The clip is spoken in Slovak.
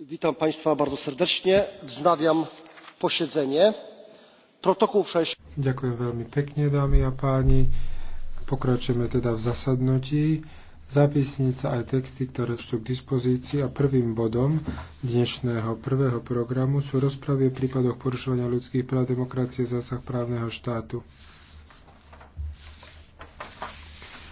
witam państwa bardzo serdecznie. wznawiam posiedzenie. protokół ďakujem veľmi pekne dámy a páni. pokračujeme teda v zasadnutí zapisnica aj texty, ktoré sú k dispozícii a prvým bodom dnešného prvého programu sú rozpravy o prípadoch porušovania ľudských práv, demokracie, zásah právneho štátu.